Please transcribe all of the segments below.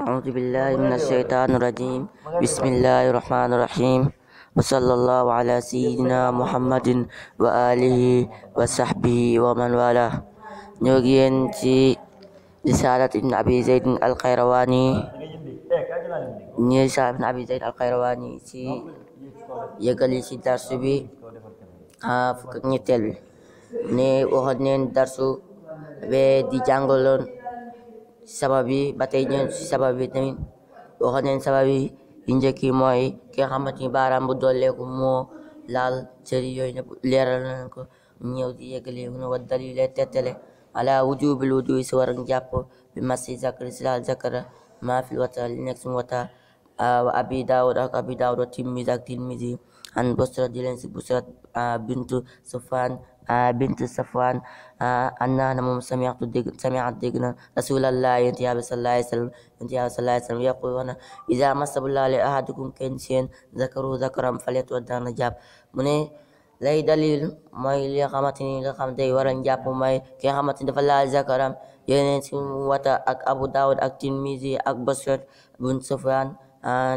أعوذ بالله من الشيطان الرجيم بسم الله الرحمن الرحيم وصلى الله على سيدنا محمد وآله وصحبه ومن والاه نوغين تي رسالة ابن أبي زيد القيرواني نيسا ابن أبي زيد القيرواني تي يقلي سي درس بي آه فكك نيتل ني وخد نين درس بي دي جانغولون sabab yi ba tey ñëw si sabab yi tamit waxoon nañ sabab yi yi yi mooy ki nga xamante ni baaraam bu dolleeku moo laal cër yooyu ne leeral nañ ko ñëw di yegale mu ne wa dalil lay tettale ala wujubil wudu si war jàpp bi masi zakari si laal zakara maa wata li nekk wata ah, abi daawud ak abi ak tirmisi an busra di si busra ah, bintu sufaan bint Safwan annaha na moom samiatu dégg samiat dégg na rasulallah yonent Yàlla sallallahu alayhi wa sallam yonent Yàlla sallallahu alayhi wa sallam yaqul wax na iza massa bullahi li ahadikum kenn seen zakaru zakaram falyatawadda na jàpp mu ne lay dalil mooy li nga xamante ni nga xam day waral jàpp mooy ki nga xamante ni dafa laal zakaram yeneen si wata ak Abu Dawud ak Tirmizi ak Basrat bun Safwan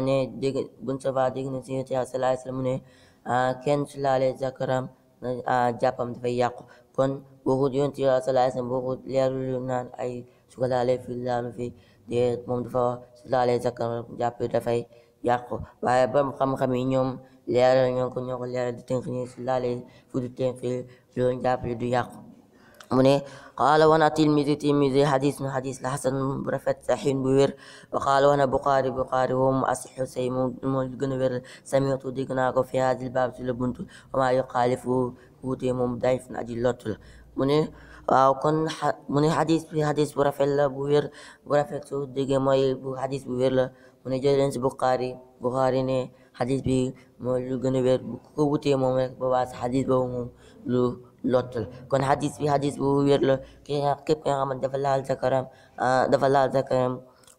ne dégg bun Safwan dégg na si yonent Yàlla sallallahu alayhi wa sallam mu ne kenn su laalee zakaram Ah, jàppam dafay yàqu kon bokkut yonent yi sallallahu alayhi wasallam bokkut leerul yu naan ay su ko fi fii fi fii de moom dafa su laalee zakkar jàpp dafay yàqu waaye ba xam-xam yi ñoom leeral ñoo ko ñoo ko leeral di tënk ni su laalee fu du tënk loolu jàpp du yàqu mu ne qaala wana tilmidi tilmidi xadis nu xadis la xasan bu rafet saxiin bu wér wa qaala wana buxaari buxaari mu asixu say moo gën a wér samitu dégg naa ko fi baab si buntu wa maa yuxaalifu wuute moom dayif na aji lott mu ne waaw kon mu ne xadis bi bu rafet la bu wér bu rafet su déggee mooy bu xadis bu wér la mu ne jëleen si buxaari buxaari ne xadis bi moo lu gën a wér bu ko wutee moom rek xadis boobu moom lu lottal kon hadis bi hadis bu wér la ki képp ki nga xamante dafa laal zakaram ah, dafa laal zakaram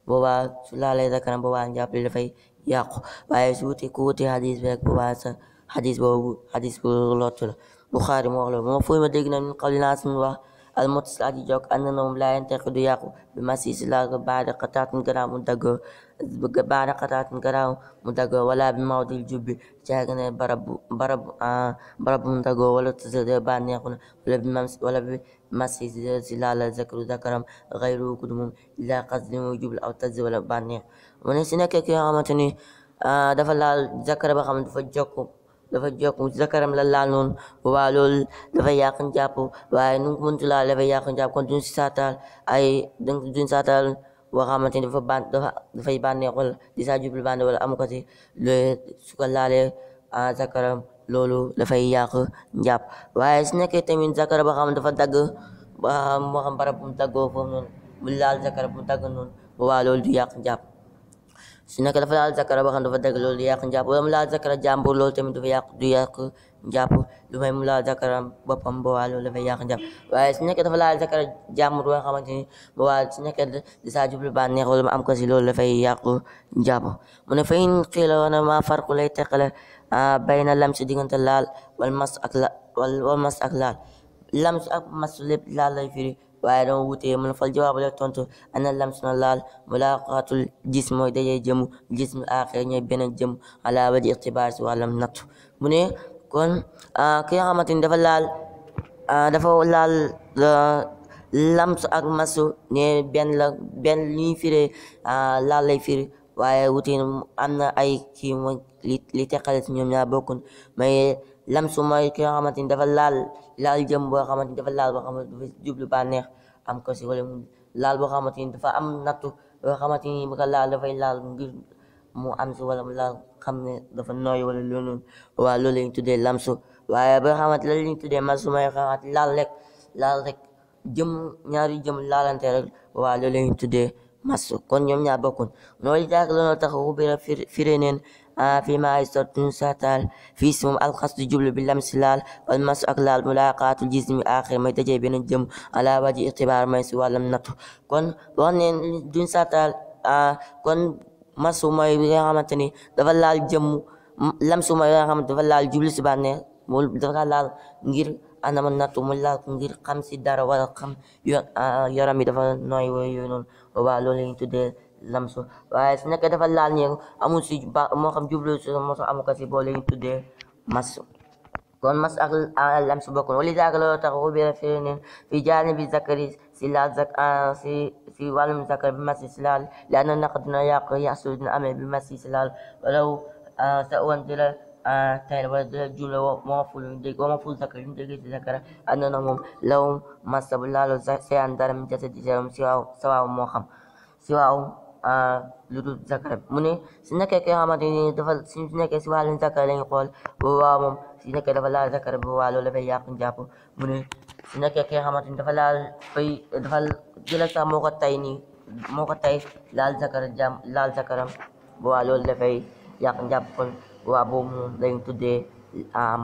boobaa su laalee zakaram boobaa njàpp li dafay yàqu waaye su wuti ku wuti hadis bi rek boobaa sa hadis boobu hadis bu lottal Buxaari moo wax moo fooy ma dégg na min qawli Asim wax المتصلات يجوك أنهم لا ينتقد ياقو بمسيس لا بعد قطعة قرام مدقو بعد قطعة قرام مدقو ولا بموضع الجب جاكنا برب برب آه برب مدقو ولا تزد بان يقول ولا بمس ولا بمسيس لا ذكر ذكرم غير قدم إلا قصد وجوب أو تز ولا بان ونسينا كي عامتني آه دفع لا ذكر بخم دفع جوكو dafa jokk mu ci zakaram la laal noonu boobaa loolu dafa yàq njàpp waaye nu muntu laal dafa yàq njàpp kon duñ si saatal ay duñ saatal boo xamante ni dafa ban dafa dafay bànnee wala di saa jublu bànne wala amu ko ci loolu su ko laalee ah, zakaram loolu dafay yàq njàpp waaye su nekkee tamit zakara boo dafa dagg ba moo xam barab bu mu daggoo foofu noonu mu laal zakara dagg noonu boobaa loolu du yàq njàpp su nekk dafa laal zakara boo xam dafa dagg loolu du yàq njàpp wala mu laal zakara jàmbur loolu tamit dafa yàq du yàq njàpp lu may mu laal zakara boppam ba waa loolu dafa yàq njàpp waaye su nekk dafa laal zakara jàmbur boo xamante ni ba waa su nekk di saa jublu bànneex wala mu am ko si loolu dafay yàq njàpp mu ne fayin xiila wana ma farqu lay teqale bayna lam si diggante laal wal mas ak la wal mas ak laal lam ak mas lépp laal lay firi waaye dama wutee man fal jawaabu la tontu ana lamsu na laal mulaqaatul jism mooy dajee jëmu jism aaxir ñooy beneen jëm ala waji ixtibaar si wàllam nattu mu ne kon ah, ki nga dafa laal ah, dafa laal ah, lamsu ak masu ne benn la benn liñ firi laal lay waaye wutee am na ay kii mooy li teqale ñoom ñaar bokkun mais lamsu mooy ki dafa laal laal jëm boo xamante ni dafa laal boo xamante dafa jublu bànneex am ko si wala laal boo xamante ni dafa am nattu boo xamante ni bu laal dafay laal ngir mu am si wala mu laal xam ne dafa nooy wala loolu waa loolu lañ tuddee lamsu waaye boo xamante loolu lañ tuddee masu mooy xamante laal rek laal rek jëm ñaari jëm laalante rek waa loolu lañ tuddee masu kon ñoom ñaar bokkun loolu jaak loolu tax ubira firéneen fi so istartum satal fii si moom alxasdu jublu bi lam si laal wal mas ak laal mulaqaatul jismi axir may dajee benn jëm ala waji ixtibaar may si wàllam nattu kon wax ne duñ satal kon masu mooy li nga ni dafa laal jëmm lam su mooy li nga xamante jublu si bànneex mu dafa laal ngir anama nattu mu laal ngir xam si dara wala xam yaram bi dafa nooy wooyu noonu waa loolu lañ tuddee lamsu waaye su nekkee dafa laal ñeeg amul si moo xam jublu si moo xam amu ko si boole ñu tuddee mas kon mas ak lamsu bokkul wali daaka loolu tax xubira fi ne fi jaani bi zakari si laal zak ah, si si wàllum zakar si laal laana naq dina yàq yasu dina amee bi mas ah, sa wante la ah, tayr wala dina ful dégg moo ful si zakara ànd na moom law mas bu laalu seyaan dara mi jase di si waaw moo xam si waaw لدود ذكر مني سنك كهامتين دفل سنك سوال ذكر لين قول ووام سنك دفلا ذكر بوالو لبي يقن جابو مني سنك كهامتين دفلا في دفل جلسة موقتيني موقتي لال ذكر جام لال ذكرم بوالو لبي يقن جابو وابو لين تدي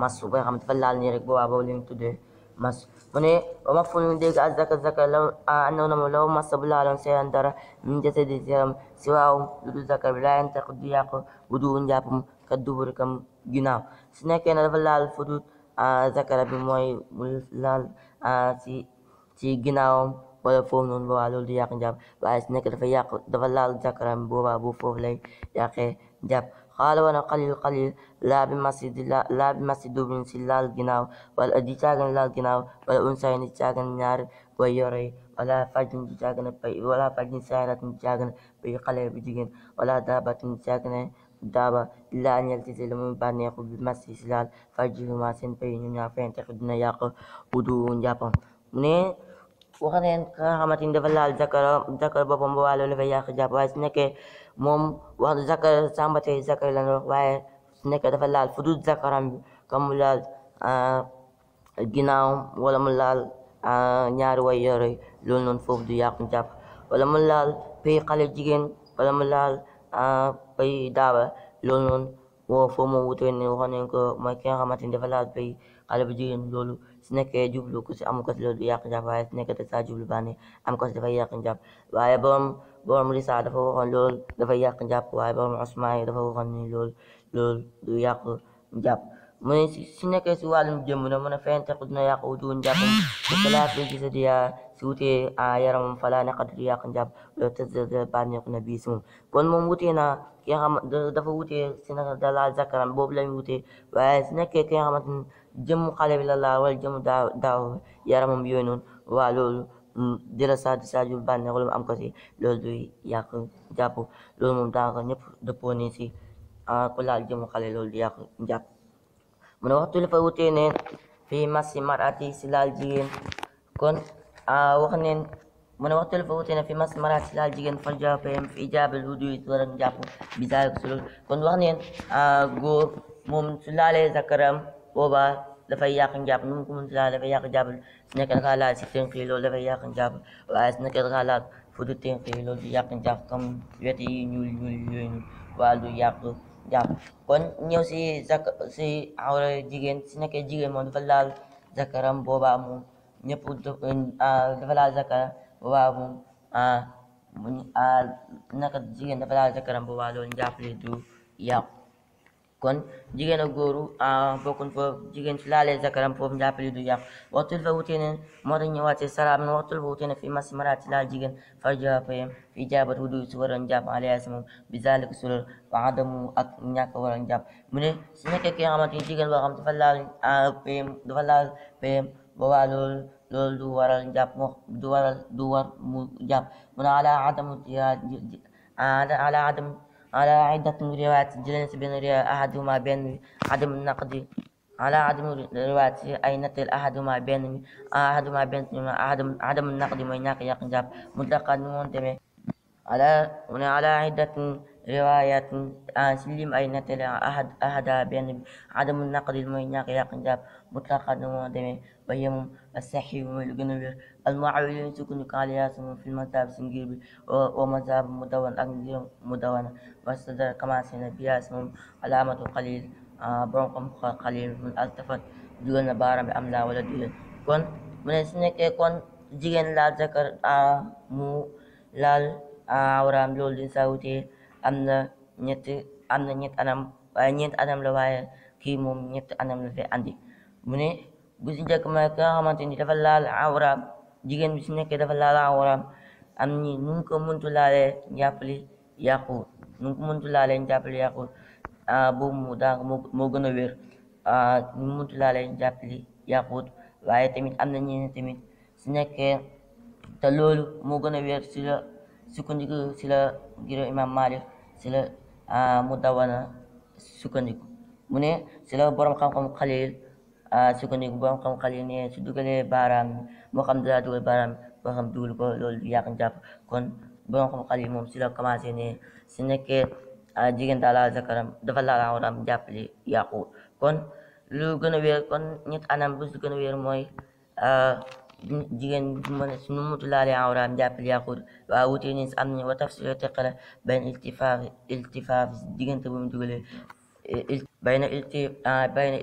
masu boo xam dafa laal nii rek boobaa boobu lañ tuddee مس من ومفعول ذلك الذكر ذكر لو أنه لو مس بلالا شيئا درى من جسد الزرم سواء لدو ذكر لا ينتقد ياق ودو نجابم كالدبر كم جناو سنكين الفلال فدود ذكر بموي ملال سي سي جناوم wala foofu noonu boobaa loolu du yàq njàpp waaye su nekk dafa yàq dafa laal jàkkaram boobaa bu foofu lay yàqee njàpp قال ونقلل القليل لا بمسجد لا, لا بمسجد دوبن سلا الجناو والأدي تاغن لا الجناو والأنثى ني تاغن نار ويوري ولا فجن تاغن بي ولا فجن سارة تاغن بي قلي بجين ولا دابة تاغن daaba illaa an yaltise la muy bànneexu bi masi si laal fajjihuma seen pay ñu ñaa fente dina yàq wudu njàppam ne ওখানে কারা আমার তিনটে পাল্লা আল জাকার জাকার বা বম্বা আলো লেভে ইয়া জাব ওয়াই স্নেকে মোম ওয়ান জাকার চাম্বাতে জাকার লানো ওয়াই স্নেকে দফাল্লা আল ফুদুদ জাকার আমি কমুলাল ginaaw wala mu laal ah, ñaari way yore loolu noonu du yàqu jàpp wala mu laal pay xale jigéen wala mu laal ah, pay daaba loolu noonu woo foo moom wutee ne waxoon nañ ko mooy ki nga xamante dafa laal pay xale bu jigéen loolu su nekkee jublu ku si amu ko si loolu yàq njàpp waaye su da saa jublu bànneex am ko si dafay yàq njàpp waaye borom borom risa dafa waxoon loolu dafay yàq njàpp waaye borom osmaan yi dafa waxoon ni loolu loolu du yàq njàpp mu ne su nekkee si wàllum jëmm na mu ne fente dina yàq wujuun njàpp bi su wutee yaramam fala naqat du yàq njàpp loolu tëdd bànneexu na bii si moom kon moom wutee na ki nga xam dafa wutee si nag dalaa zakaram boobu lañ wutee waaye si nekkee ki nga xamante ni la laa wala jëmu daaw daaw yaramam yooyu noonu waa loolu dila saadi saaju bànneex wala am ko si loolu du yàq njàpp loolu moom ñëpp dëppoo ni si ku laal jëmu xale loolu yàq njàpp waxtu la fa wutee ne fii masi marati si laal jigéen kon wax neen mu a waxtu la fa wutee na fi mas maraat si laal jigéen fal jawapayam fi ijaab al wudu yi war ak njàpp bi daalik si loolu kon wax neen góor moom booba dafay yàq njàpp nu mu ko mun si laal dafay yàq njàpp su nekkee da ngaa laal si tënk da ngaa laal fu du tënk loolu du yi ñuul ñuul yooyu ñuul waaye du yàq njàpp kon ñëw si zak si awra jigéen su nekkee jigéen moom dafa laal zakaram booba moom ñëpp dafa laal zakara boobaa moom naka jigéen dafa laal zakaram du yàqu kon jigéen ak góoru ah, bokkun foofu jigéen su laalee zakaram foofu njàppali du yàq waxtul fa wutee ne moo tax ñëwaatee saraam na waxtul fa wutee ne fi mas maraati laal jigéen a jawapayam fi jaabat wudu su waroon jàpp alayha si moom bi zalik su lool mu ne su nekkee ki nga xamante ni jigéen boo xam dafa laal payam ah, dafa laal payam boobaa loolu loolu du waral jàpp du waral du war mu على عدة روايات جلس بين رواية أحدهما بين عدم النقد على عدم رواية أي نقل أحدهما بين أحدهما بين عدم عدم النقد من ناقي يقنجاب مطلقا منتمي على على عدة riwaayatun si lim ay nettali ahad ahada benn adamu naqli mooy ñàkk yàq njàpp mutlaqan moo demee ba yemum as-sahih mooy lu gën a wér al-mu'awwil sukkandiku aliyaas moom fi mazhab si ngir bi wa mazhab mu dawan ak ngir mu dawana wastadara commencé na biyaas alaamatu qalil borom xam mun altafat dugal baaram bi am laa wala di sawtee am na ñetti am na ñetti anam waaye ñeenti anam la waaye kii moom ñetti anam la fi andi mu ne bu si njëkk ma ka xamante ni dafa laal awraam jigéen bi si nekkee dafa laal awraam am ni nu ko muntu laalee njàppali yàquwul nu ko muntu laalee njàppali yàquwul boobu mu daa moo gën a wér nu muntu laalee njàppali yàquwul waaye tamit am na ñeneen tamit si nekkee te loolu moo gën a wér si la sukkandiku si la ngir imam Malik si la ah, mu dawana sukkandiku mu ne si la borom xam-xam xalil ah, sukkandiku borom xam xalil ne su dugalee baaraam moo xam daa dugal baaraam boo xam dugal ko loolu du yàq njàpp kon borom xam xalil moom si la commencé ne si nekkee ah, jigéen zakaram dafa laal awraam jàppale yàqu kon lu gën a wéer kon ñett anam bu gën a wéer mooy jigéen bu mën su nu mutu laale awraam jàppal yàqut waa wutee ni am nañu wa tafsiru teqale benn iltifaaf iltifaaf diggante bu mu dugalee bayna ilti bayna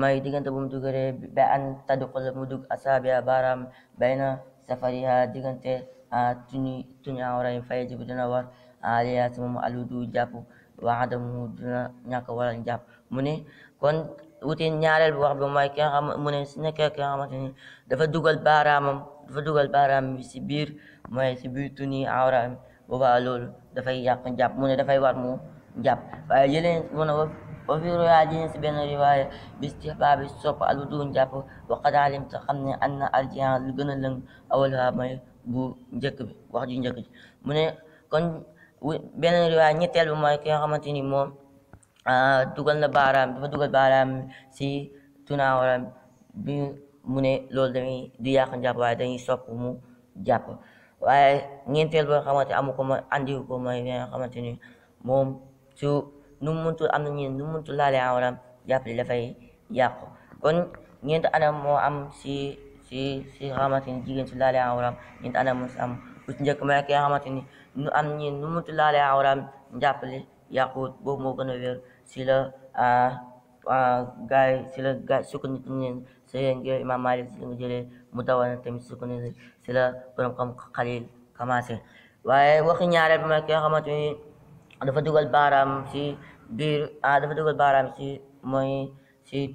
may diggante bu mu dugalee ba an tadxul mu dug asaabia baaraam bayna safariha diggante tuni tuni awraam fay jibu dina war aliya si moom aludu jàpp wa adamu dina ñàkk wala jàpp mu ne kon wuti ñaareel bu wax bi mooy ki nga xam mu ne si nekk ki nga xamante dafa dugal baaraamam dafa dugal baaraam bi si biir mooy si biir tuni awra boobaa loolu dafay yàq njàpp mu ne dafay war mu njàpp waaye jëleen mu ne wa fi riwaaya jëleen si benn riwaaya bi istihbaabi sopp alwudu njàpp wa qad alimta xam ne an na arjihan lu gën a lëng bu njëkk bi wax ju njëkk ji mu ne kon benn riwaaya ñetteel bi mooy ki nga moom dugal na baaraam dafa dugal baaraam si tunaawaram bi mu ne loolu dañuy du yàq njàpp waaye dañuy sopp mu jàpp waaye ñeenteel boo xamante amu ko mooy andi ko mooy nga xamante ni moom su nu muntu am na ñeen nu muntu laale awaram jàpp li dafay yàqu kon ñeent anam moo am si si si xamante ni jigéen su laale awaram ñeent anam moo am bu ci njëkk mooy ki nga xamante ni nu am ñeen nu muntu boobu moo gën a sila uh, ah, uh, ah, gay sila gay sukunitin sehingga İmam Malik sila menjadi mutawatir temiz sukunitin sila beramkam kalil kamasi. Wa wakin yara bimaki kamatu ada fatugal baram si bir ah, ada fatugal baram si moy si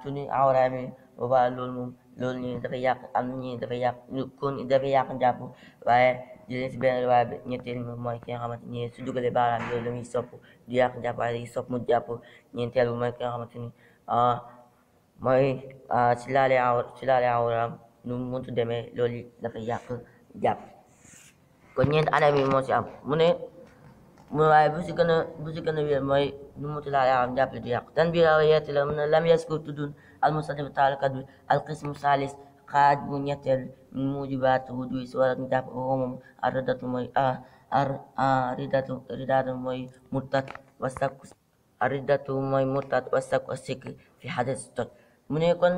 tuni awrami wa lool moom loolu nii dafa yàq am nii dafa yàq kun dafa di leen si benn waaye ñetteel bi mooy ki nga xamante ni su dugalee baaraam yooyu la muy sopp du yàq jàpp waaye day sopp mu jàpp ñeenteel bi mooy ki nga xamante ni ah, mooy si ah, laale aw si laale awraam nu mu muntu demee loolu dafa yàq jàpp kon ñeent anam yi moo mu ne mu waaye bu si gën a mooy nu mu muntu laale awraam jàpp du yàq tan biir aw yetti la mu ne lam yas ko tuddun al musadif taalakat bi al qismu salis xaaj bu ñetteel min mujibaat wudu si waral njàpp woo moom ah, ar ah, ridatu mooy ar ridatu ridatu mooy murtat wasak ar ridatu mooy murtat wasak mu ne kon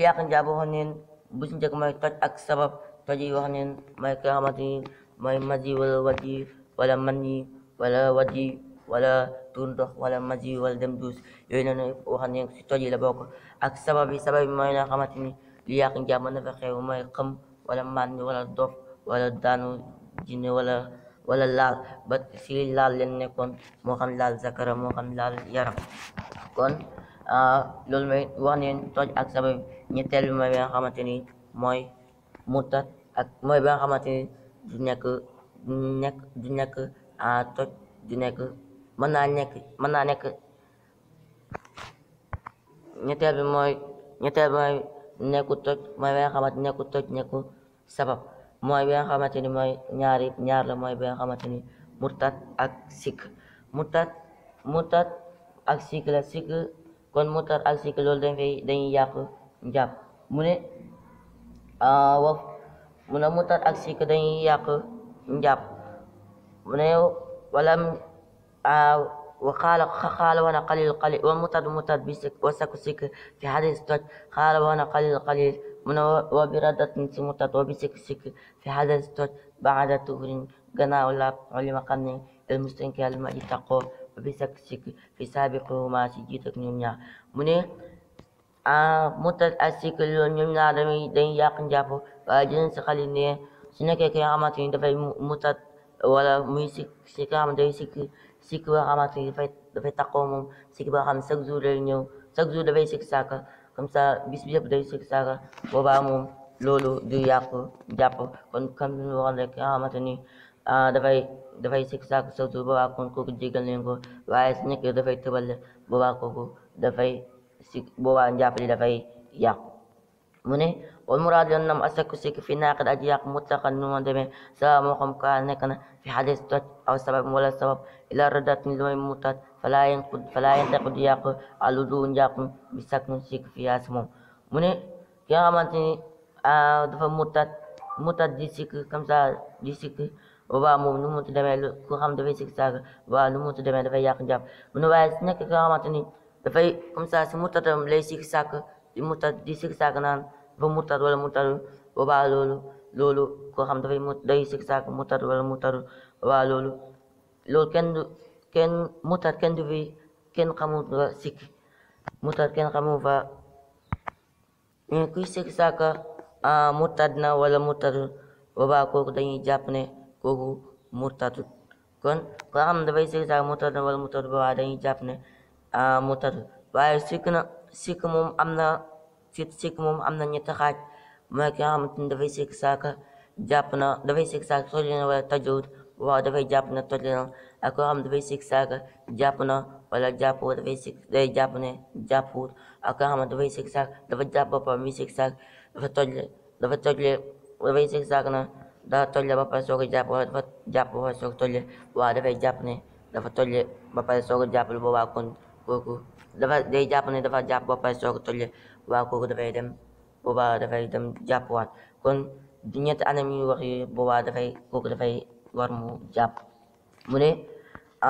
yàq njàpp wax neen bu ci njëkk mooy ak sabab toj yi wax neen mooy ki nga xamante ni mooy maji wala waji wala man yi wala waji wala tuur ndox wala maji wala dem duus yooyu noonu wax neen ci toj yi la bokk ak sabab mooy na du yàq njàmm na fa xew mooy xam wala màndi wala dof wala daanu jinne wala wala laal ba si laal leen nekkoon moo xam laal zakara moo xam laal yaram kon ah, loolu mooy wax neen toj ak sabab ñetteel bi mooy bi nga xamante ni mooy murtat ak mooy ba nga xamante ni du nekk du nekk du ah, mën naa nekk mën naa nekk ñetteel bi mooy ñetteel bi mooy nekku toj mooy bi nga xamante nekku toj nekku sabab mooy bi nga xamante ni mooy ñaari ñaar la mooy bi nga xamante ni murtat ak sikk murtat murtat ak sikk la sikk kon murtat ak sikk loolu dañ fay dañuy yàq njàpp mu ne ah, waf mu ne murtat ak sikk dañuy yàq njàpp mu ne walam ah, وقال قال وانا قليل قليل ومتد متد بسك وسك سك في حديث تج قال وانا قليل قليل من وبردة متد وبسك سك في حديث تج بعد تهر جنا ولا علم قرن المستنك المجد تقو وبسك سك في سابقه ما سجيتك نمنا من mutad ak sikk loolu ñoom ñaar damay dañuy yàq njàpp waaye jëleen si xali ne su nekkee ki nga xamante ni dafay mutad wala muy sikk si nga xamante ni sikk sikk boo xamante ni dafay dafay taqoo moom sikk boo xam ne chaque jour lay ñëw chaque jour dafay sikk saaka comme ça bis bi yëpp day sikk saaka boobaa moom loolu du yàqu jàpp kon comme ni waxoon rek nga xamante ni dafay dafay sikk saaka chaque jour boobaa kon kooku jégal leen ko waaye su nekkee dafay tëbale boobaa kooku dafay sikk boobaa njàpp li dafay yàqu mu ne والمراد ينم أسك سك a ناقد أجياق مطلقا نون دمي سواء مقام كان نكنا في حديث توت أو سبب ولا سبب إلى ردت نلوي موتات فلا ينقد فلا ينتقد ياق الودون ياق بسكن سك في اسمه من كي xamante ni ah, dafa mutat mutat di sikk comme di sikk boobaa moom nu mu demee ku xam dafay sikk wa boobaa nu mu demee dafay yàq njàpp mu ne waaye nekk ki nga xamante sikk sàkk di mutat di sikk sàkk naan ba murtad wala murtadul boobaa loolu loolu koo xam dafay da day sikk sàkk mutat wala murtadul boobaa loolu loolu kenn du kenn murtad kenn du fi kenn xamu fa sikk murtad kenn xamu fa kuy sikk sàkk murtad na wala murtadul boobaa kooku dañuy jàpp ne kooku murtadul kon koo xam dafay sikk sàkk murtad na wala murtadul boobaa dañuy jàpp ne murtadul waaye sikk na sikk moom am na fiq sikk moom am na ñetti xaaj mooy ki nga xamante ni dafay sikk saaka jàpp na dafay sikk saaka toj na wala tojut waaw dafay jàpp na toj na ak koo xam dafay sikk saaka jàpp na wala jàpput dafay sikk day jàpp ne jàpput ak koo xam dafay sikk saaka dafa jàpp ba pare muy sikk saaka dafa toj dafa toj dafay sikk saaka na dafa toj ba pare soog a jàpp wala dafa jàpp ba pare soog a toj waaw dafay jàpp ne dafa toj ba pare soog a jàpp lu boobaa kon kooku dafa day jàpp ne dafa jàpp ba pare soog a toj waa kooku dafay dem boobaa dafay dem jàppwaat kon ñetti anam yu wax yi boobaa dafay kooku dafay war mu jàpp mu ne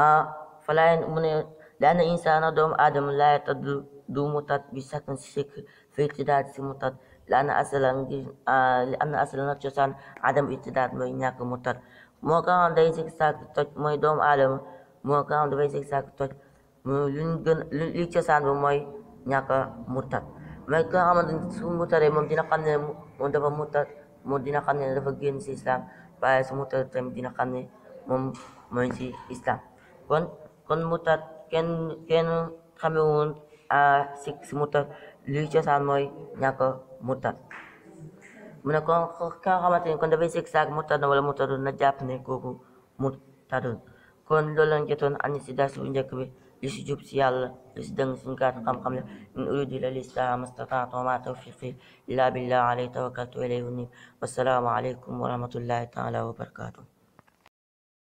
ah falaay mu ne laana insaana doomu aadama laa yataddu du mutat bi sakkan sikk fi ibtidaat si mutat laana asala ngir li am na asala nag cosaan adam ibtidaat mooy ñàkk mutat moo ko xam day sikk sàkk toj mooy doomu aadama moo ko xam dafay sikk sàkk toj lu li cosaan ba mooy ñàkk mutat waaye ki nga xamante ne su mutare moom dina xam ne moom dafa mutar moom dina xam ne dafa génn si islam waaye su mutar tamit dina xam ne moom mooy si islam kon kon mutar kenn kenn xamewun a si si mutar luy cosaan mooy ñàkk mutar mu ne kon ka nga xamante ne kon dafay sikk saak mutar na wala mutarul na jàpp ne kooku mutarul kon loolu lañ jotoon andi si dars bu njëkk bi si jub si yàlla lu si dëng suñu kàttan xam-xam la in uridu illa al-islaaha mastata'tu wa ma tawfiqi illa billah alayhi tawakkaltu wa ilayhi unib wassalaamu aleykum wa rahmatullahi taala wa barakatuh